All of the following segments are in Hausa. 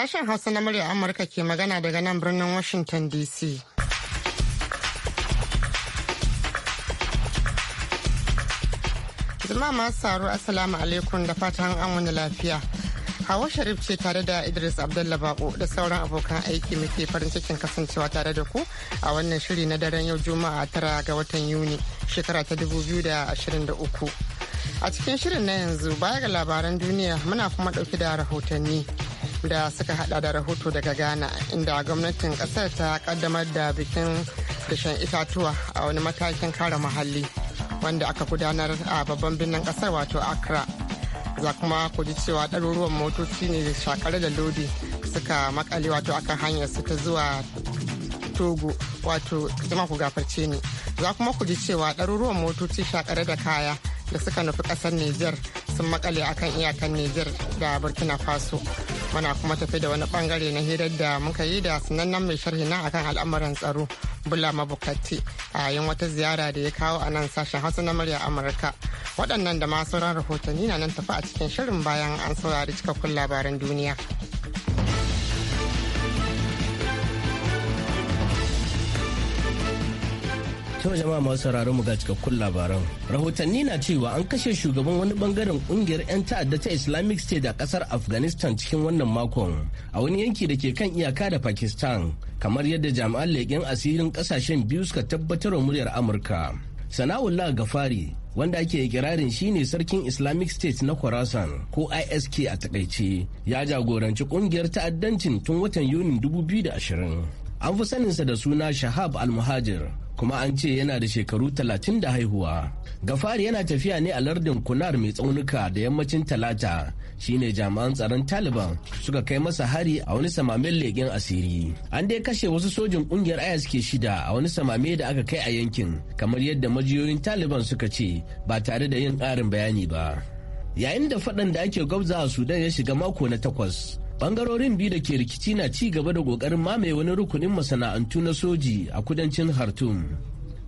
Sashen Hausa na murya Amurka ke magana daga nan birnin Washington DC. zama masu saro Assalamu alaikum da fatan an wani lafiya. Hawa Sharif ce tare da Idris Abdullah Bako da sauran abokan aiki muke farin cikin kasancewa tare da ku a wannan shiri na daren yau Juma'a tara ga watan Yuni shekara ta 2023. A cikin shirin na yanzu baya ga labaran duniya muna kuma ɗauki da rahotanni. da suka hada da rahoto daga ghana inda gwamnatin kasar ta kaddamar da bikin dashen itatuwa a wani matakin kare muhalli wanda aka gudanar a babban birnin kasar wato accra za kuma ku ji cewa ɗaruruwan motoci ne shakar da lodi suka makale wato akan hanyar su ta zuwa togo wato jama ku gafarce ne za kuma ku ji cewa ɗaruruwan motoci shakar da kaya da suka nufi ƙasar niger sun makale akan iyakan niger da burkina faso muna kuma tafi da wani bangare na hirar da muka yi da sanannen mai sharhi na akan al'amuran tsaro bula mabukati a yayin wata ziyara da ya kawo a nan sashen hausa na murya amurka waɗannan da ma sauran rahotanni na nan tafi a cikin shirin bayan an saurari cikakkun labaran duniya. To jama'a masu sauraron mu ga cikakkun labaran. Rahotanni na cewa an kashe shugaban wani bangaren kungiyar 'yan ta'adda ta Islamic State a kasar Afghanistan cikin wannan makon a wani yanki da ke kan iyaka da Pakistan kamar yadda jami'an leƙen asirin ƙasashen biyu suka tabbatar wa muryar Amurka. Sana'ullah Gafari wanda ake kirarin shine sarkin Islamic State na Khorasan ko ISK a takaice ya jagoranci kungiyar ta'addancin tun watan Yunin 2020. An fi saninsa da suna Shahab Al-Muhajir kuma an ce yana da shekaru talatin da haihuwa gafari yana tafiya ne a lardin kunar mai tsaunuka da yammacin talata shine jami'an tsaron taliban suka kai masa hari a wani samamen leƙen asiri an dai kashe wasu sojin ƙungiyar ayas ke shida a wani samame da aka kai a yankin kamar yadda majiyoyin taliban suka ce ba tare da yin ƙarin bayani ba yayin da faɗan da ake gwabza a sudan ya shiga mako na takwas bangarorin biyu da ke rikici na ci gaba da kokarin mamaye wani rukunin masana'antu na soji a kudancin khartoum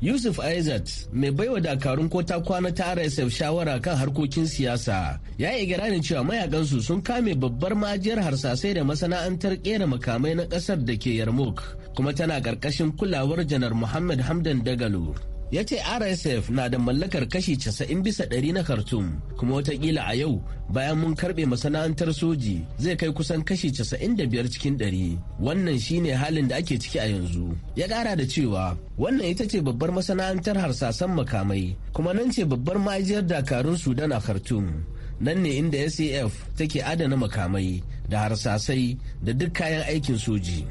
yusuf aizat mai baiwa dakarun ko ta kwana ta rsf shawara kan harkokin siyasa ya yi giranin cewa mayakansu sun kame babbar majiyar harsasai da masana'antar kera makamai na kasar da ke yarmouk kuma tana karkashin kulawar janar muhammad hamdan dagalo ya ce rsf na da mallakar kashi casa'in bisa ɗari na khartoum kuma watakila a yau bayan mun karbe masana'antar soji zai kai kusan kashi casa'in da biyar cikin ɗari wannan shine halin da ake ciki a yanzu ya ƙara da cewa wannan ita ce babbar masana'antar harsasan makamai kuma nan ce babbar ma'ajiyar dakarun sudan a khartoum nan ne inda saf take adana makamai da harsasai da duk kayan aikin soji.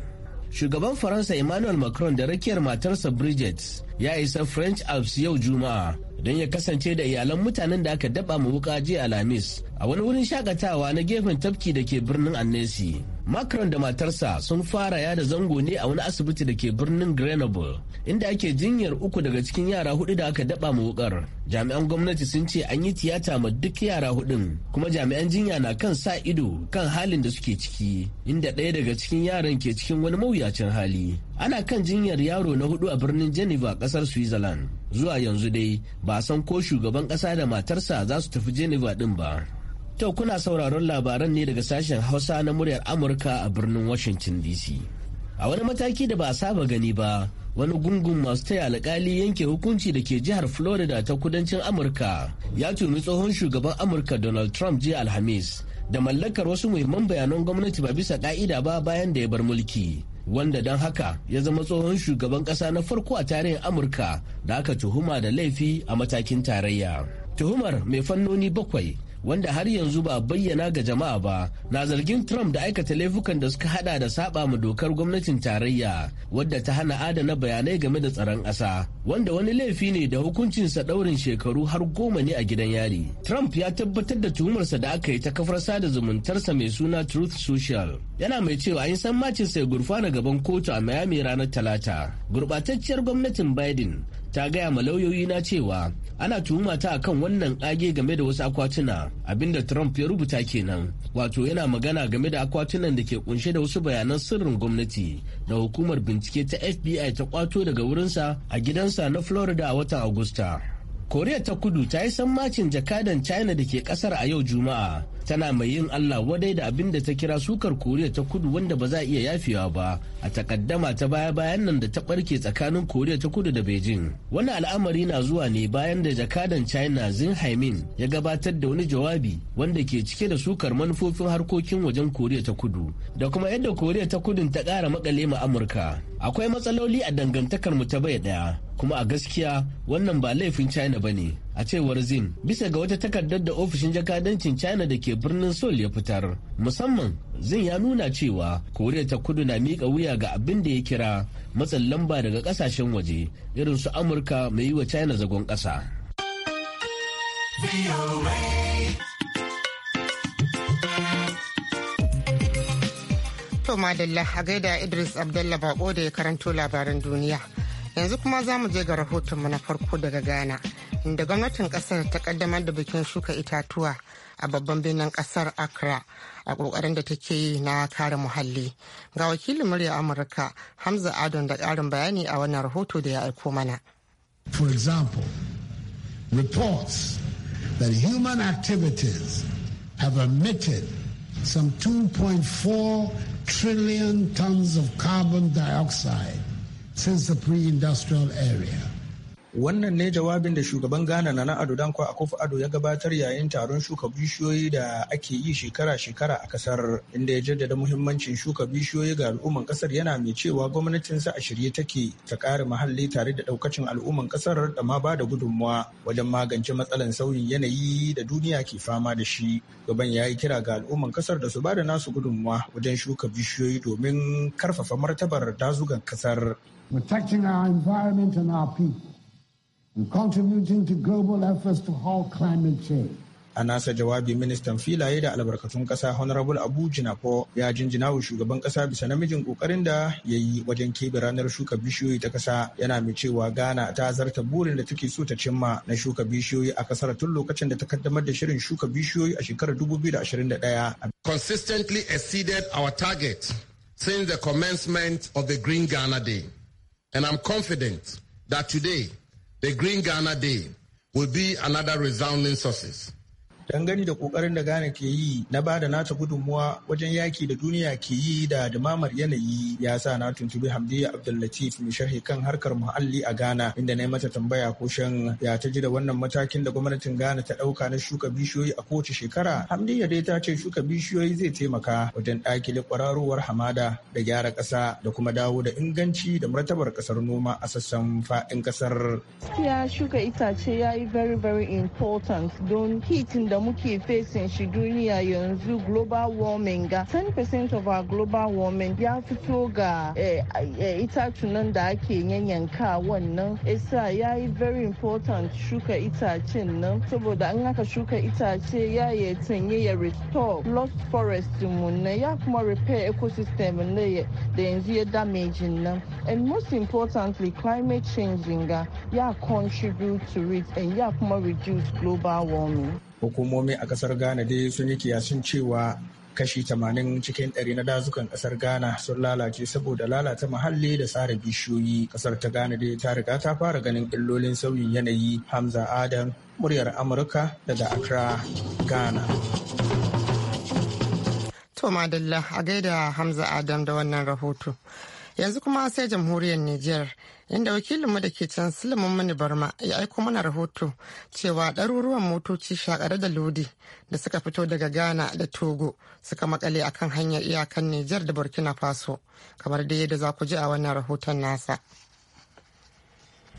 shugaban faransa emmanuel macron da rakiyar matarsa bridget ya isa french alps yau juma'a don ya kasance da iyalan mutanen da aka daba mu wuka jiya alhamis a wani wurin shakatawa na gefen tafki da ke birnin annesi macron da matarsa sun fara yada zango ne a wani asibiti da ke birnin grenoble inda ake jinyar uku daga cikin yara hudu da aka daba ma wukar jami'an gwamnati sun ce an yi tiyata ma duk yara hudun kuma jami'an jinya na kan sa ido kan halin da suke ciki inda ɗaya daga cikin yaran ke cikin wani mawuyacin hali ana kan jinyar yaro na hudu a birnin geneva kasar switzerland zuwa yanzu dai ba san ko shugaban kasa da matarsa za su tafi geneva din ba To kuna sauraron labaran ne daga sashen Hausa na muryar Amurka a birnin Washington DC. A wani mataki da ba a saba gani ba, wani gungun masu taya alkali yanke hukunci da ke jihar Florida ta kudancin Amurka ya tumi tsohon shugaban Amurka Donald Trump jiya Alhamis da mallakar wasu muhimman bayanan gwamnati ba bisa ka'ida ba bayan da ya bar mulki. wanda don haka ya zama tsohon shugaban ƙasa na farko a tarihin amurka da aka tuhuma da laifi a matakin tarayya tuhumar mai fannoni bakwai wanda har yanzu ba bayyana ga jama'a ba na zargin trump da aikata laifukan da suka hada da saba ma dokar gwamnatin tarayya wadda ta hana adana bayanai game da tsaron ƙasa wanda wani laifi ne da hukuncinsa daurin shekaru har goma ne a gidan yari trump ya tabbatar da tuhumarsa da aka yi ta kafar sada zumuntarsa mai suna truth social yana mai cewa an san macin ya gurfana gaban kotu a miami ranar talata gurbatacciyar gwamnatin biden ta gaya ma lauyoyi na cewa ana tuhuma ta kan wannan age game da wasu akwatuna abinda Trump ya rubuta kenan wato yana magana game da akwatunan da ke kunshe da wasu bayanan sirrin gwamnati da hukumar bincike ta FBI ta kwato daga wurinsa a gidansa na Florida a watan Agusta. Koriya ta kudu ta yi sammacin jakadan China da ke kasar a yau Juma'a tana mai yin Allah wadai da abin da ta kira sukar Koriya ta kudu wanda ba za a iya yafewa ba a takaddama ta baya-bayan nan da ta barke tsakanin Koriya ta kudu da Beijing. Wani al'amari na zuwa ne bayan da jakadan China Zin Haimin ya gabatar da wani jawabi wanda ke cike da sukar manufofin harkokin wajen Koriya ta kudu da kuma yadda Koriya ta kudun ta kara makale ma Amurka. Akwai matsaloli a dangantakar mu ta bai daya kuma a gaskiya wannan ba laifin China bane. a cewar zin bisa ga wata takardar da ofishin jakadancin china da ke birnin seoul ya fitar musamman zin ya nuna cewa koriya ta kudu na miƙa wuya ga abin da ya kira matsin lamba daga ƙasashen waje irin su amurka mai yi wa china zagon ƙasa To madalla a gaida Idris abdullah Bako da ya karanto labaran duniya. yanzu kuma za mu je ga rahotonmu na farko daga ghana inda gwamnatin kasar ta kaddamar da bikin shuka itatuwa a babban birnin kasar accra a da take yi na kare muhalli ga wakilin murya amurka hamza adon da bayani a wannan rahoto da ya aiko mana for example reports that human activities have emitted some 2.4 trillion tons of carbon dioxide since the pre-industrial area. Wannan ne jawabin da shugaban Ghana na Ado Danko Akufo Ado ya gabatar yayin taron shuka bishiyoyi da ake yi shekara-shekara a kasar inda ya jaddada muhimmancin shuka bishiyoyi ga al'umman kasar yana mai cewa gwamnatinsa a shirye take ta kare muhalli tare da daukacin al'umman kasar da ma ba da gudunmuwa wajen magance matsalan sauyin yanayi da duniya ke fama da shi. Gaban ya yi kira ga al'umman kasar da su ba da nasu gudunmuwa wajen shuka bishiyoyi domin karfafa martabar dazugan kasar. protecting our environment and our people, and contributing to global efforts to halt climate change. A nasa jawabi ministan filaye da albarkatun kasa Honorable Abu Jinapo ya jinjina wa shugaban kasa bisa namijin kokarin da ya yi wajen keɓe ranar shuka bishiyoyi ta kasa yana mai cewa Ghana ta zarta burin da take so ta cimma na shuka bishiyoyi a kasar tun lokacin da ta kaddamar da shirin shuka bishiyoyi a shekarar 2021. Consistently exceeded our target since the commencement of the Green Ghana Day. And I'm confident that today, the Green Ghana Day, will be another resounding success. gani da kokarin da Ghana ke yi na ba da nata gudunmuwa wajen yaki da duniya ke yi da dumamar yanayi ya sa na tuntubi Hamdiyya Abdullatif mu sharhi kan harkar muhalli a Ghana inda na yi mata tambaya ko shan ya ta ji da wannan matakin da gwamnatin Ghana ta dauka na shuka bishiyoyi a kowace shekara. Hamdiya dai ta ce shuka bishiyoyi zai taimaka wajen dakile kwararowar hamada da gyara ƙasa da kuma dawo da inganci da martabar ƙasar noma a sassan faɗin ƙasar. Gaskiya shuka itace ya yi very very important don heat da muke facing shi duniya yanzu global warming ga 10% of our global warming ya fito ga eh, eh, nan da ake yanyanka wannan isa ya yi very important shuka itacen nan saboda an aka shuka itace ya yi tanye ya restore lost forest mu na ya kuma repair ecosystem na da yanzu ya damage nan and most importantly climate changing ga ya contribute to it and ya kuma reduce global warming hukumomi a kasar ghana dai sun yi kiyasin cewa kashi 80 cikin 100 na dazukan kasar ghana sun lalace saboda lalata muhalli da tsara bishiyoyi kasar ta ghana dai ta riga ta fara ganin illolin sauyin yanayi hamza adam muryar amurka daga accra ghana to madalla a gaida hamza adam da wannan rahoto yanzu kuma sai jamhuriyar nijar inda wakilinmu da ke can silimin mani barma ya aiko mana rahoto cewa ɗaruruwan motoci shakare da lodi da suka fito daga ghana da togo suka makale akan hanyar iyakan nijar da burkina faso kamar da yadda za ku ji a wannan rahoton nasa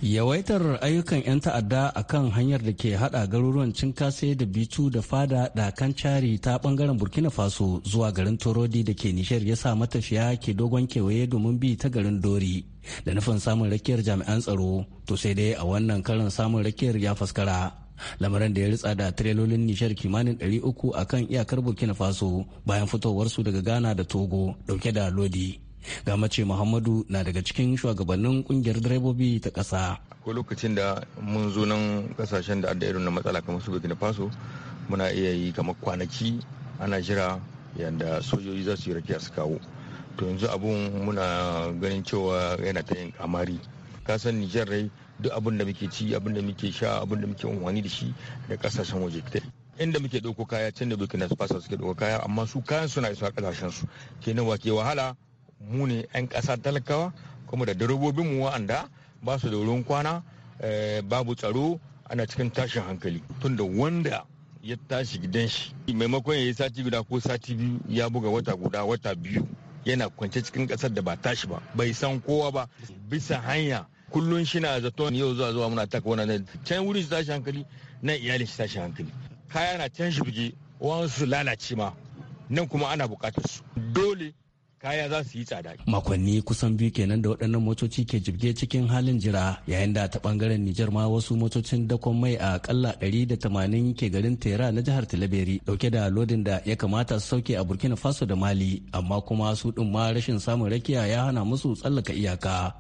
yawaitar ayyukan 'yan ta'adda a kan hanyar da ke hada garuruwan cinkase da bitu da fada da cari ta bangaren burkina faso zuwa garin torodi da ke nishar ya sa matafiya ke dogon kewaye domin bi ta garin dori da nufin samun rakiyar jami'an tsaro to sai dai a wannan karin samun rakiyar ya faskara lamarin da ya ritsa da tirelolin nishar kimanin 300 a kan iyakar burkina faso bayan fitowarsu daga ghana da togo dauke da lodi ga mace muhammadu na daga cikin shugabannin kungiyar direbobi ta kasa. ko lokacin da mun zo nan kasashen da adda irin na matsala kamar su burkina faso muna iya yi kamar kwanaki ana jira yadda sojoji za su yi rakiya su kawo to yanzu abun muna ganin cewa yana ta yin kamari ka san nijar rai duk abin da muke ci abin da muke sha abin da muke amfani da shi da kasashen waje inda muke ɗauko kaya can da burkina faso suke ɗauko kaya amma su kayan suna isa kasashen su kenan wa ke wahala mu ne 'yan ƙasa talakawa kuma da mu wa'anda ba su da wurin kwana eh, babu tsaro ana cikin tashin hankali tunda wanda ya tashi gidan shi maimakon ya yi sati guda ko sati biyu ya buga wata guda wata biyu yana kwance cikin ƙasar da ba tashi ba bai san kowa ba bisa hanya kullum shi na zaton yau zuwa zuwa muna taka wannan can wurin shi tashi hankali nan iyalin shi tashi hankali kaya na can shi buge su lalace ma nan kuma ana bukatar su dole kaya za su yi tsada. Makonni kusan biyu kenan da waɗannan motoci ke jibge cikin halin jira yayin da ta ɓangaren Nijar ma wasu motocin dakon mai a ƙalla ɗari da tamanin ke garin Tera na jihar Talaberi ɗauke da lodin da ya kamata su sauke a Burkina Faso da Mali amma kuma su ɗin ma rashin samun rakiya ya hana musu tsallaka iyaka.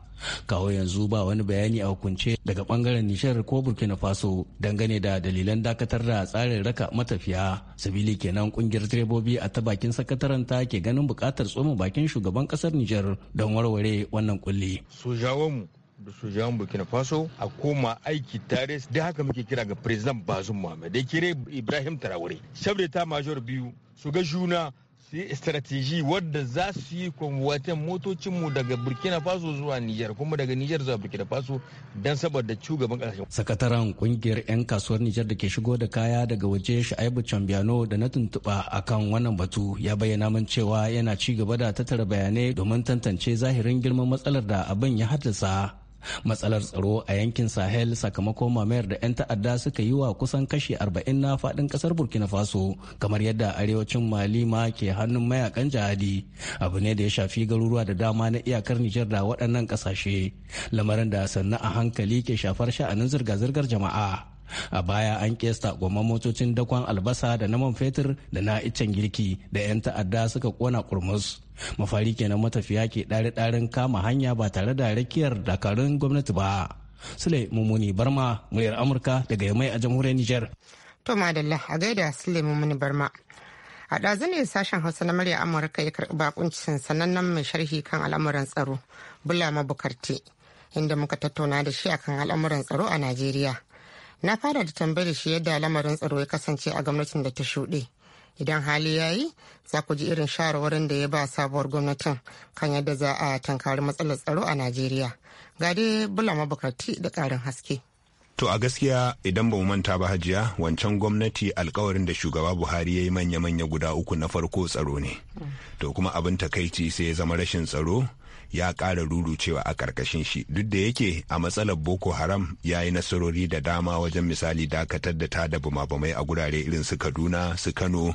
kawo yanzu ba wani bayani a hukunce daga bangaren nishar ko burkina faso dangane da dalilan dakatar da tsarin raka matafiya sabili kenan kungiyar direbobi a ta bakin sakataren ta ke ganin bukatar tsoma bakin shugaban kasar nijar don warware wannan kulli mu da sojan burkina faso a koma aiki tare da haka muke kira ga president bazum muhammad da kire ibrahim tarawore shabda ta major biyu su ga juna su yi strategy wadda za su yi kwamwaten motocinmu daga burkina faso zuwa niger kuma daga niger zuwa burkina faso don saboda shugaban kasashen sakataren kungiyar 'yan kasuwar niger da ke shigo da kaya daga waje sha'ibu cambiano da na tuntuɓa akan wannan batu ya bayyana min cewa yana ci gaba da tattara bayanai domin tantance zahirin girman matsalar da abin ya haddasa matsalar tsaro a yankin sahel sakamakon mamayar da 'yan ta'adda suka yi wa kusan kashi 40 na faɗin ƙasar burkina faso kamar yadda arewacin mali ma ke hannun mayakan jihadi abu ne da ya shafi garuruwa da dama na iyakar nijar da waɗannan ƙasashe lamarin da sannu a hankali ke shafar sha'anin zirga-zirgar jama'a a baya an kesta goma motocin dakon albasa da na man fetur da na iccen girki da 'yan ta'adda suka kona kurmus mafari kenan matafiya ke ɗare-ɗaren kama hanya ba tare da rakiyar dakarun gwamnati ba sule mummuni barma muryar amurka daga yamai a jamhuriyar niger to madalla a gaida sule mummuni barma a ɗazu ne sashen hausa na murya amurka ya karɓi bakuncin sanannen mai sharhi kan al'amuran tsaro bula mabukarti inda muka tattauna da shi akan al'amuran tsaro a najeriya na fara da tambayar shi yadda lamarin tsaro ya kasance a gwamnatin da ta shuɗe idan hali ya yi za ku ji irin shawarwarin da ya ba sabuwar gwamnatin kan yadda za a tankari matsalar tsaro a najeriya ga dai bula mabukati da ƙarin haske To a gaskiya idan ba mu manta ba hajiya wancan gwamnati alkawarin da shugaba Buhari ya yi manya-manya guda uku na farko tsaro ne. To kuma abin takaici sai ya zama rashin tsaro ya ƙara rurucewa a karkashin shi duk da yake a matsalar boko haram ya yi nasarori da dama wajen misali dakatar da ta tada bumabumai a gurare irin su kaduna su kano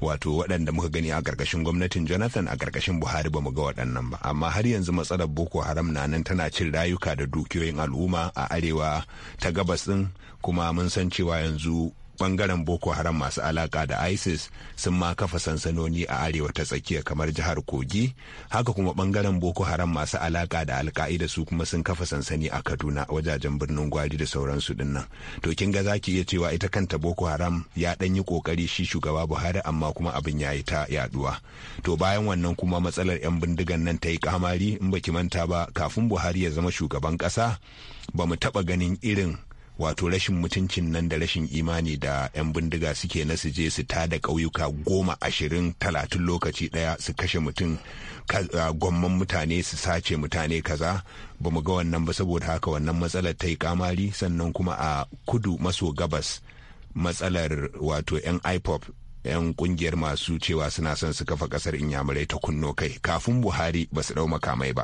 wato waɗanda muka gani a karkashin gwamnatin jonathan a ƙarƙashin buhari ba mu ga waɗannan ba amma har yanzu matsalar boko haram na nan tana cin rayuka da dukiyoyin al'umma a arewa ta gabas ɗin kuma mun san cewa yanzu bangaren boko haram masu alaka da isis sun ma kafa sansanoni a arewa ta tsakiya kamar jihar kogi haka kuma bangaren boko haram masu alaka da alka'ida su kuma sun kafa sansani a kaduna wajajen birnin gwari da sauransu dinnan to kin ga zaki iya cewa ita kanta boko haram ya dan yi kokari shi shugaba buhari amma kuma abin ya yi ta yaduwa to bayan wannan kuma matsalar yan bindigan nan ta yi kamari in baki manta ba kafin buhari ya zama shugaban kasa ba mu taba ganin irin wato rashin mutuncin nan da rashin imani da 'yan bindiga suke na su je su tada ƙauyuka goma ashirin talatin lokaci ɗaya su kashe mutum gwamman mutane su sace mutane kaza ba mu ga wannan ba saboda haka wannan matsalar ta yi kamari sannan kuma a kudu maso gabas matsalar wato 'yan ipop 'yan kungiyar masu cewa suna son su kafa kasar inyamurai ta kunno kai kafin buhari ba su dau makamai ba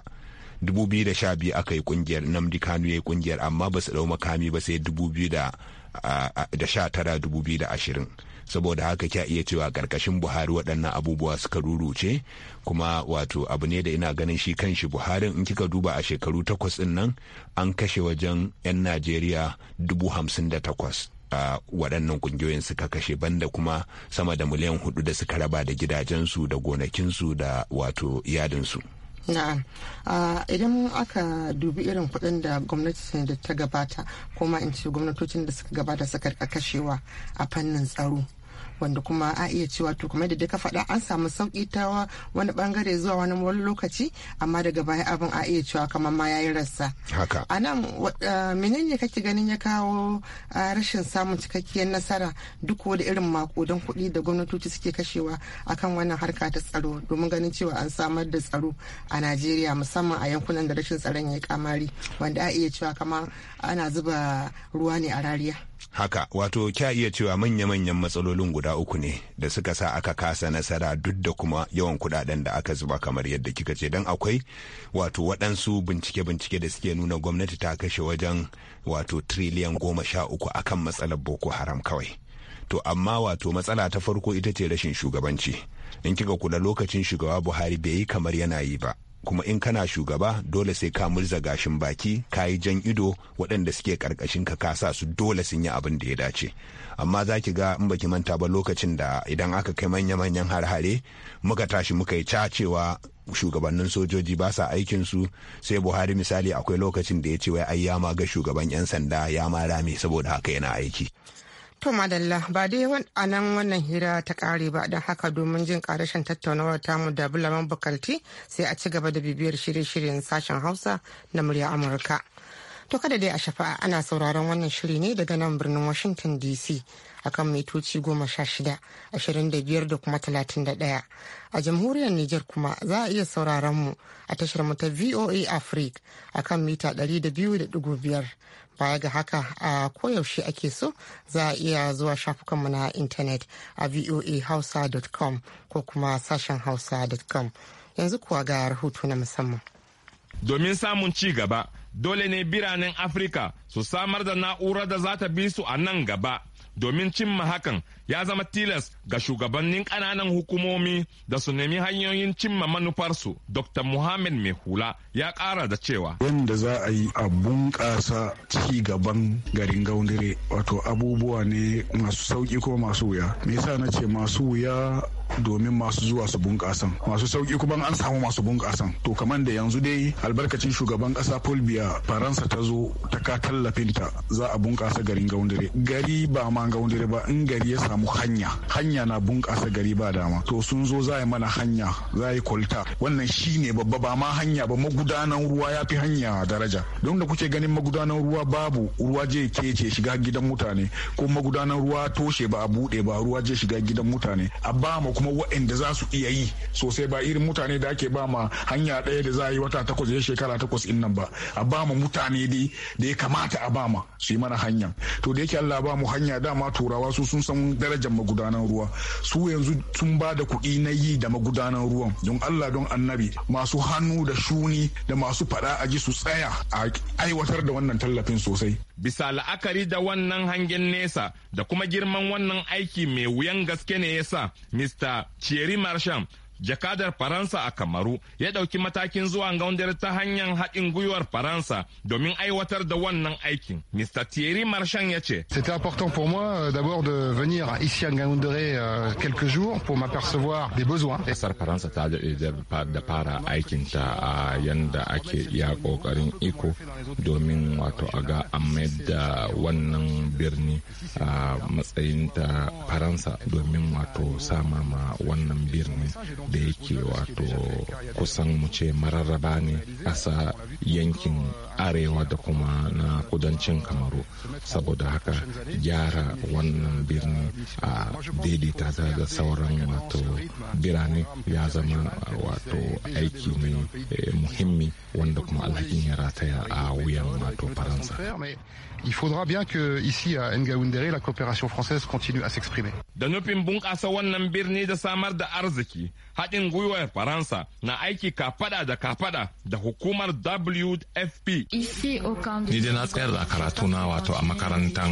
2012 aka yi kungiyar namdi kanu ya yi kungiyar amma ba su dau makami ba sai 2019-2020 saboda haka kya iya cewa karkashin buhari waɗannan abubuwa suka ruruce kuma wato abu ne da ina ganin shi kan shi buhari in kika duba a shekaru takwas ɗin nan an kashe wajen 'yan najeriya dubu hamsin waɗannan ƙungiyoyin suka kashe banda kuma sama da miliyan hudu da suka raba da gidajensu da gonakinsu da wato yadinsu. na'am idan aka dubi irin kuɗin da gwamnatin da ta gabata kuma in ce gwamnatocin da suka gabata suka kashewa a fannin tsaro wanda kuma a iya cewa to kamar da ka faɗa an samu sauki ta wani bangare zuwa wani wani lokaci amma daga baya abin a iya cewa kamar ma yayi rassa haka anan eh, menene kake ganin ya kawo eh, rashin samun cikakkiyar nasara duk da irin makudan kuɗi da gwamnatoci suke kashewa akan wannan harka ta tsaro domin ganin cewa an samar da tsaro a Najeriya musamman a yankunan da rashin tsaron ya kamari wanda a iya cewa kamar ana zuba ruwa ne a rariya haka wato kya iya cewa manya-manyan matsalolin guda uku ne da suka sa aka kasa nasara duk da kuma yawan kudaden da aka zuba kamar yadda kika ce don akwai wato waɗansu bincike-bincike da suke nuna gwamnati ta kashe wajen wato triliyan goma sha uku akan matsalar boko haram kawai to amma wato matsala ta farko ita ce rashin shugabanci in kika kula lokacin shugaba buhari bai yi kamar yana yi ba kuma in kana shugaba dole sai ka murza gashin baki ka yi jan ido waɗanda suke karkashin ka ka sa su dole sun yi abin da ya dace amma za ki ga in baki manta ba lokacin da idan aka kai manya-manyan har-hare muka tashi muka yi cewa shugabannin sojoji ba sa aikin su sai buhari misali akwai lokacin da ya ce wai ai ya ma ga shugaban 'yan sanda ya ma rame saboda haka yana aiki To madalla ba dai a nan wannan hira ta kare ba don haka domin jin karashin tattaunawar tamu da bulaman bukarti sai a ci gaba da bibiyar shirye-shiryen sashen hausa na murya amurka. To kada dai a shafa'a ana sauraron wannan shiri ne daga nan birnin Washington DC akan mitoci goma sha shida, ashirin da biyar da kuma talatin da ɗaya. A jamhuriyar Nijar kuma za a iya sauraron mu a tashar mu ta VOA Africa akan mita ɗari da biyu da ɗigo biyar. baya ga haka a koyaushe ake so za a iya zuwa shafukanmu na intanet a voahausa.com ko kuma sashen hausa.com yanzu kuwa ga rahoto na musamman domin samun ci gaba dole ne biranen afirka su samar da na'urar da za ta bi su a nan gaba domin cimma hakan ya zama tilas ga shugabannin ƙananan hukumomi da su nemi hanyoyin cimma manufarsu dr muhammad mai hula ya ƙara da cewa yadda za a yi a bunƙasa ci gaban garin gaundire wato abubuwa ne masu sauƙi ko masu wuya me yasa na ce masu wuya domin masu zuwa su bunƙasan masu sauki kuma an samu masu bunƙasan to kamar da yanzu dai albarkacin shugaban ƙasa paul biya faransa ta zo ta ka tallafinta za a bunƙasa garin gaundare gari ba ma gaundare ba in gari ya samu hanya hanya na bunƙasa gari ba dama to sun zo za yi mana hanya za yi kwalta wannan shine babba ba ma hanya ba magudanan ruwa ya fi hanya daraja don da kuke ganin magudanan ruwa babu ruwa je kece shiga gidan mutane ko magudanan ruwa toshe ba a buɗe ba ruwa je shiga gidan mutane a ba mu kuma waɗanda za su iya yi sosai ba irin mutane da ake ba ma hanya ɗaya da za a yi wata takwas ya shekara takwas in nan ba a ba mu mutane dai da ya kamata a ba ma su yi mana hanya to da yake Allah ba mu hanya dama turawa su sun san darajar magudanan ruwa su yanzu sun ba da kuɗi na yi da magudanan ruwan don Allah don annabi masu hannu da shuni da masu faɗa a ji su tsaya a aiwatar da wannan tallafin sosai bisa la'akari da wannan hangen nesa da kuma girman wannan aiki mai wuyan gaske ne yasa Mr. da Thierry Marchand jakadar faransa a kamaru ya ɗauki matakin zuwa gaundar ta hanyar haɗin gwiwar faransa domin aiwatar da wannan aikin mr thierry marchand ya ce c'était important pour moi euh, d'abord de venir ici à gaundare euh, quelques jours pour m'apercevoir des besoins kasar faransa ta daɗe da fara aikin ta a yanda ake iya ƙoƙarin iko domin wato a ga an da wannan birni a matsayin ta faransa domin wato sama ma wannan birni da yake wato kusan mu ce mararraba ne a sa yankin arewa da kuma na kudancin kamaru saboda haka gyara wannan birni a daidaita ta da sauran wato birane ya zama wato aiki ne eh, muhimmi wanda kuma alhakin ya rataya a wuyan wato faransa Il faudra bien que ici à Ngaoundéré la coopération française continue à s'exprimer. Da nufin bunƙasa wannan birni da samar da arziki haɗin gwiwar faransa na aiki kafada da kafada da hukumar wfp ni dai na tsayar da karatu na wato a makarantar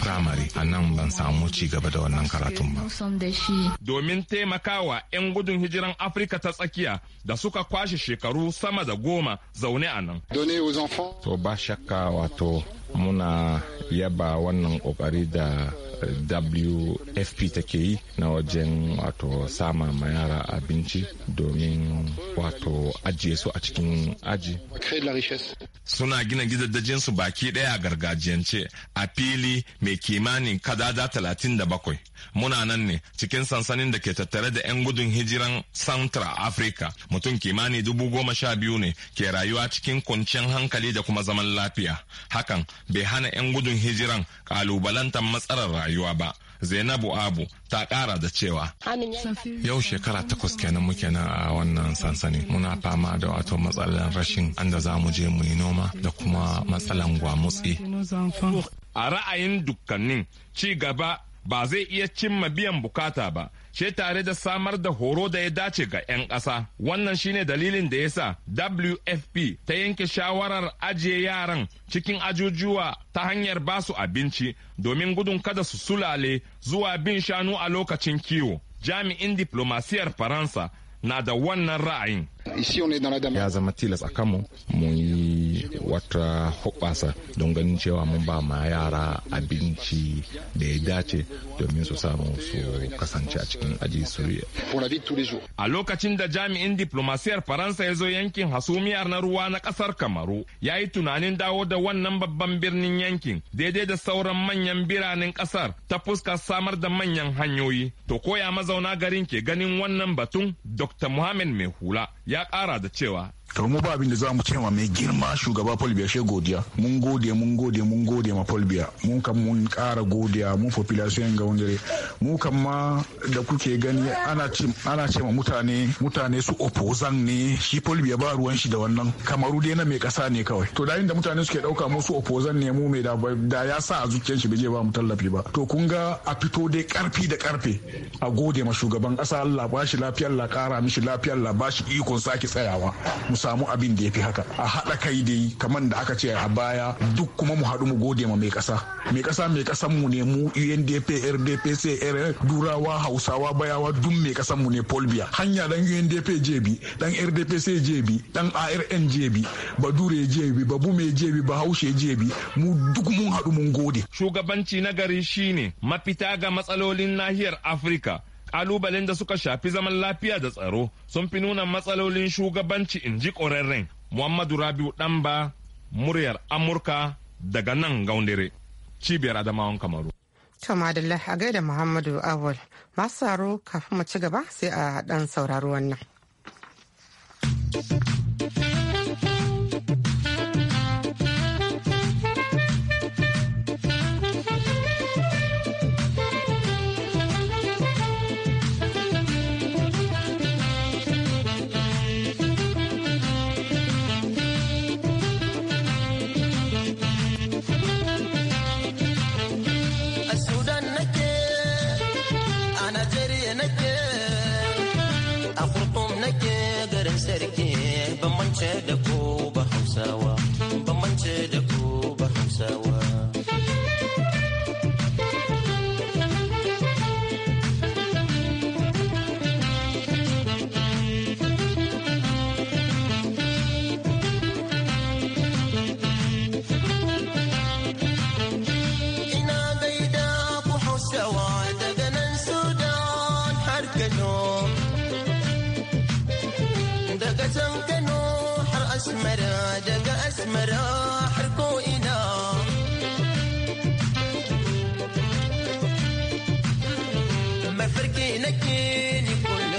firamare a nan ban samu ci gaba da wannan karatun ba domin taimakawa 'yan gudun hijiran afirka ta tsakiya da suka kwashe shekaru sama da goma zaune a nan to ba shakka wato muna yaba wannan kokari da wfp take yi na wajen wato sama ma yara abinci domin wato ajiye su a cikin aji suna gina gidajen su baki daya a gargajiyance a fili mai kimanin kadada 37 muna nan ne cikin sansanin da ke tattare da 'yan gudun hijiran santra afirka mutum kimani dubu goma sha biyu ne ke rayuwa cikin kwanciyar hankali da kuma zaman lafiya hakan bai hana 'yan gudun hijiran kalubalantar matsalar rayuwa ba zainabu abu ta kara da cewa yau shekara takwas kenan muke nan a wannan sansani muna fama da wato matsalar rashin anda za mu je mu yi noma da kuma matsalan gwamutsi a ra'ayin dukkanin ci gaba ba zai iya cimma biyan bukata ba ce tare da samar da horo da ya dace ga 'yan ƙasa. Wannan shine dalilin da ya sa WFP ta yanke shawarar ajiye yaran cikin ajujuwa ta hanyar basu abinci domin gudun kada su sulale zuwa bin shanu a lokacin kiwo. Jami'in diplomasiyar Faransa na da wannan ra'ayin. ya zama tilas a kanmu mu wata hoɓasa don ganin cewa mun ba ma yara abinci da ya dace domin su samu su kasance a cikin aji suriya a lokacin da jami'in diplomasiyar faransa ya zo yankin hasumiyar na ruwa na kasar kamaru ya yi tunanin dawo da wannan babban birnin yankin daidai da sauran manyan biranen kasar ta fuska samar da manyan hanyoyi to koya mazauna garin ke ganin wannan batun dr muhammad mai hula ya ya kara da cewa to mu ba abin da za mu ce mai girma shugaba Paul Biya godiya mun gode mun gode mun gode ma Paul mun kan mun kara godiya mun population ga wanda mu kan ma da kuke gani ana ce ma mutane mutane su opposan ne shi Paul ba ruwan shi da wannan kamaru dai na mai kasa ne kawai to da da mutane suke dauka mu su opposan ne mu mai da da ya sa a zuciyar shi bai ba mu tallafi ba to kun ga a fito dai karfi da karfe a gode ma shugaban kasa Allah ba shi lafiyar la kara mishi lafiyar la ba shi ikon sake tsayawa samu abin da ya fi haka a haɗa kai dai kamar da aka ce a baya duk kuma mu haɗu mu gode ma mai ƙasa mai ƙasa mai ƙasan mu ne mu UNDP RDP CR Durawa Hausawa Bayawa duk mai ƙasan mu ne Polbia hanya dan UNDP JB dan RDP CJB dan ARN JB Badure JB mai JB Bahaushe JB mu duk mun haɗu mun gode shugabanci na gari shine mafita ga matsalolin nahiyar Afirka kalubalen da suka shafi zaman lafiya da tsaro sun fi nuna matsalolin shugabanci in ji ƙorarren muhammadu rabiu ɗanba muryar amurka daga nan gaundare cibiyar adamawan kamaru to madalla a gaida muhammadu awal masu tsaro kafin mu ci gaba sai a dan sauraro wannan كانو حر أسمر دقا أسمر حركو إنا ما فرقي نكيني كل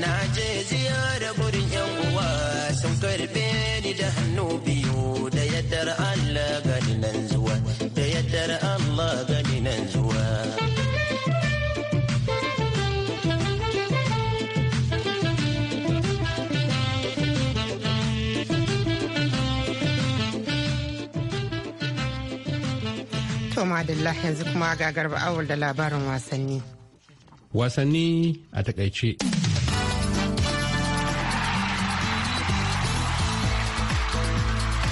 نعجزي يا رب ينقوا سنكر بيني دهنو بيو ديدر الله قال ننزوى ديدر الله قال ننزوى madalla yanzu kuma ga garba awul da labarin wasanni. Wasanni a takaice.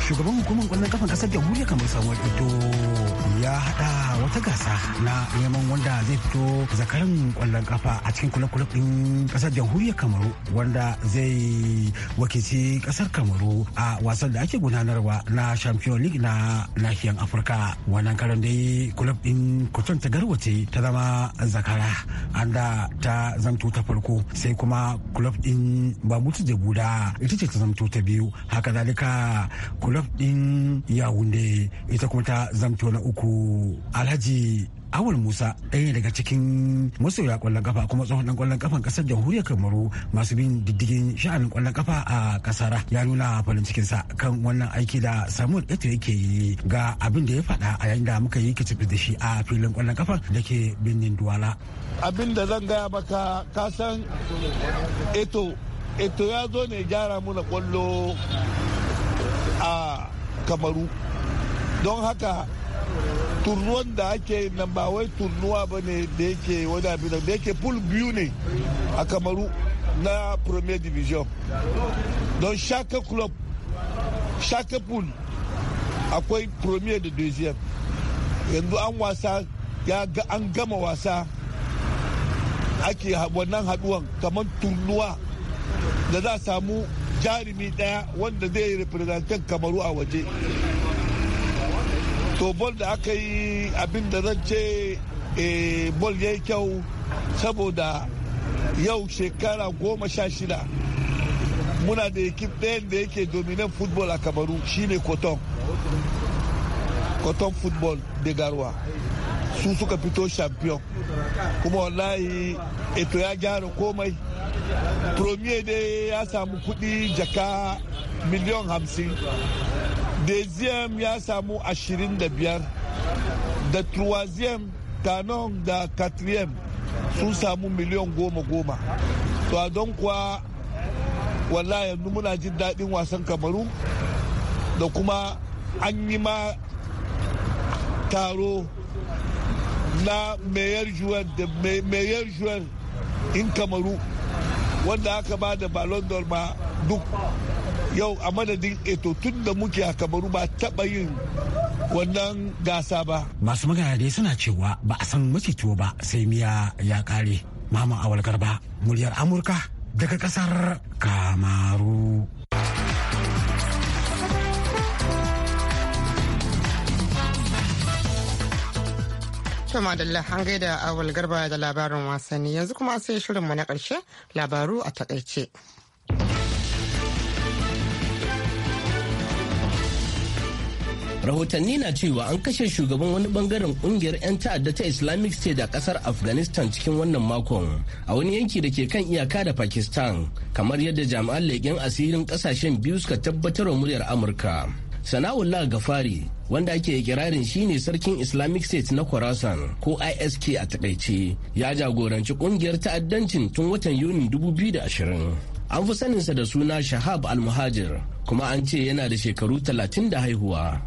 Shugaban hukumar kwallon kafan kasar jamhuriyar kamar samuwar ito ya haɗa wata gasa na neman wanda zai fito zakaran kwallon kafa a cikin kula-kula ɗin ƙasar jamhuriyar kamaru wanda zai wakilci ƙasar kamaru a wasan da ake gudanarwa na champion league na nahiyar afirka wannan karan dai kulab ɗin kuton ta garwace ta zama zakara anda ta zamto ta farko sai kuma kulab ɗin bamutu da buda ita ce ta zamto ta biyu haka zalika kulab ɗin yawunde ita kuma ta zamto na uku alhaji awal musa ɗaya daga cikin masoya kwallon kafa kuma tsohon ɗan kwallon kafan ƙasar jamhuriyar kamaru masu bin diddigin sha'anin kwallon kafa a kasar ya nuna farin cikin sa kan wannan aiki da samuel eto yake yi ga abin da ya faɗa a yayin da muka yi kicibis da shi a filin kwallon kafa da ke birnin duwala abin da zan gaya maka san eto eto ya zo ne gyara muna kwallo a kamaru don haka turnuwan da ake nan ba wai turnuwa ba ne da yake wani abu da yake pool biyu ne a kamaru na premier division don shaka club shaka pool akwai premier da deuxième yanzu an wasa ya ga an gama wasa ake wannan haduwan kamar turnuwa da za a samu jarumi daya wanda zai yi kamaru a waje to bol da aka yi abinda da zan ce eh, bol ya yi kyau saboda yau shekara goma sha shida muna da ekip ɗayan da yake dominan football a kabaru shine cotton cotton football de garwa su suka fito champion kuma wallahi eto ya gyara komai premier dai ya samu kudi jaka miliyan hamsin dezem ya samu 25 da troisième canon da quatrième sun samu miliyan goma goma to a don kuwa wallahi yanzu muna jin daɗin wasan kamaru da kuma an yi ma taro na mayor juwar da mayor in kamaru wanda aka ba da ballon d'or ma duk yau a madadin eto eh, tun da muke a kamaru ba taɓa yin wannan gasa ba. Masu magana dai suna cewa ba a san mace tuwo ba sai miya ya kare. Mama Awal Garba, muryar Amurka daga kasar Kamaru. Tuma da an gaida Awal Garba da labarin wasanni yanzu kuma sai shirinmu na ƙarshe labaru a takaice. rahotanni na cewa an kashe shugaban wani bangaren kungiyar 'yan ta'adda ta islamic state a kasar afghanistan cikin wannan makon a wani yanki da ke kan iyaka da pakistan kamar yadda jami'an leƙen asirin ƙasashen biyu suka tabbatar wa muryar amurka sana'ullah gafari wanda ake kirarin shine sarkin islamic state na khorasan ko isk a takaice ya jagoranci kungiyar ta'addancin tun watan yuni 2020 an fi saninsa da suna shahab almuhajir kuma an ce yana da shekaru talatin da haihuwa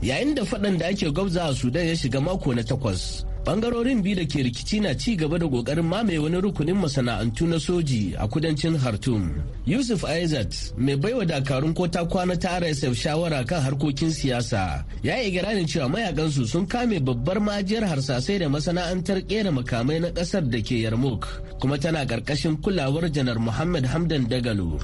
yayin da faɗan da ake gwabza a sudan ya shiga mako na takwas bangarorin biyu da ke rikici na ci gaba da kokarin mamaye wani rukunin masana'antu na soji a kudancin hartum yusuf aizat mai baiwa dakarun ko kwana ta rsf shawara kan harkokin siyasa ya yi igirarin cewa mayakansu sun kame babbar majiyar harsasai da masana'antar kera makamai na kasar da ke yarmouk kuma tana karkashin kulawar janar muhammad hamdan dagalo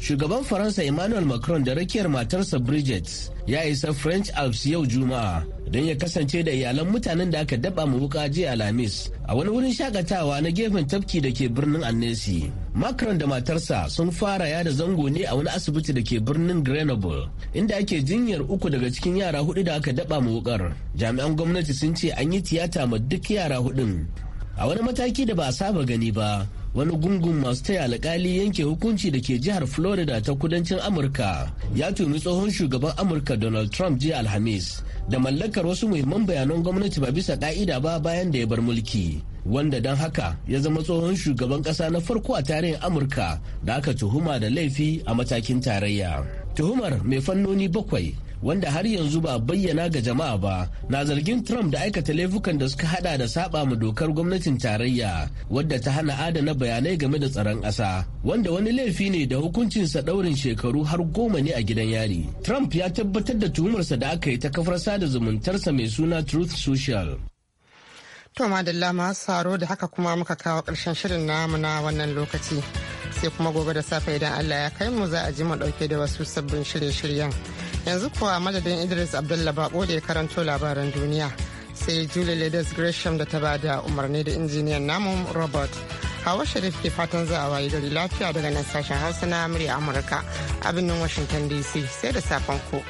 shugaban faransa emmanuel macron da rakiyar matarsa bridget ya isa french alps yau juma'a don ya kasance da iyalan mutanen da aka daba mu wuka jiya alhamis a wani wurin shakatawa na gefen tafki da ke birnin annesi macron da matarsa sun fara yada zango ne a wani asibiti da ke birnin grenoble inda ake jinyar uku daga cikin yara hudu da aka daba mu wukar jami'an gwamnati sun ce an yi tiyata ma duk yara hudun a wani mataki da ba a saba gani ba wani gungun masu taya alkali yanke hukunci da ke jihar florida ta kudancin amurka ya tumi tsohon shugaban amurka donald trump jiya alhamis da mallakar wasu muhimman bayanan gwamnati ba bisa ka'ida ba bayan da ya bar mulki wanda don haka ya zama tsohon shugaban kasa na farko a tarihin amurka da aka tuhuma da laifi a matakin tarayya tuhumar mai fannoni bakwai wanda har yanzu ba bayyana ga jama'a ba na zargin trump da aikata laifukan da suka hada da saba ma dokar gwamnatin tarayya wadda ta hana adana bayanai game da tsaron ƙasa wanda wani laifi ne da hukuncinsa ɗaurin shekaru har goma ne a gidan yari trump ya tabbatar da tuhumarsa da aka yi ta kafar sada zumuntarsa mai suna truth social To madalla masu saro da haka kuma muka kawo karshen shirin namu na wannan lokaci sai kuma gobe da safe idan Allah ya kai mu za a ji mu ɗauke da wasu sabbin shirye-shiryen. yanzu kuwa madadin idris abdullah bako da ya karanto labaran duniya sai julie ladies gresham da ta ba da umarni da injiniyan namu robert hawa sharif ke fatan za a wayi gari lafiya daga nan sashen hausa na amurka a birnin washington dc sai da safen ku.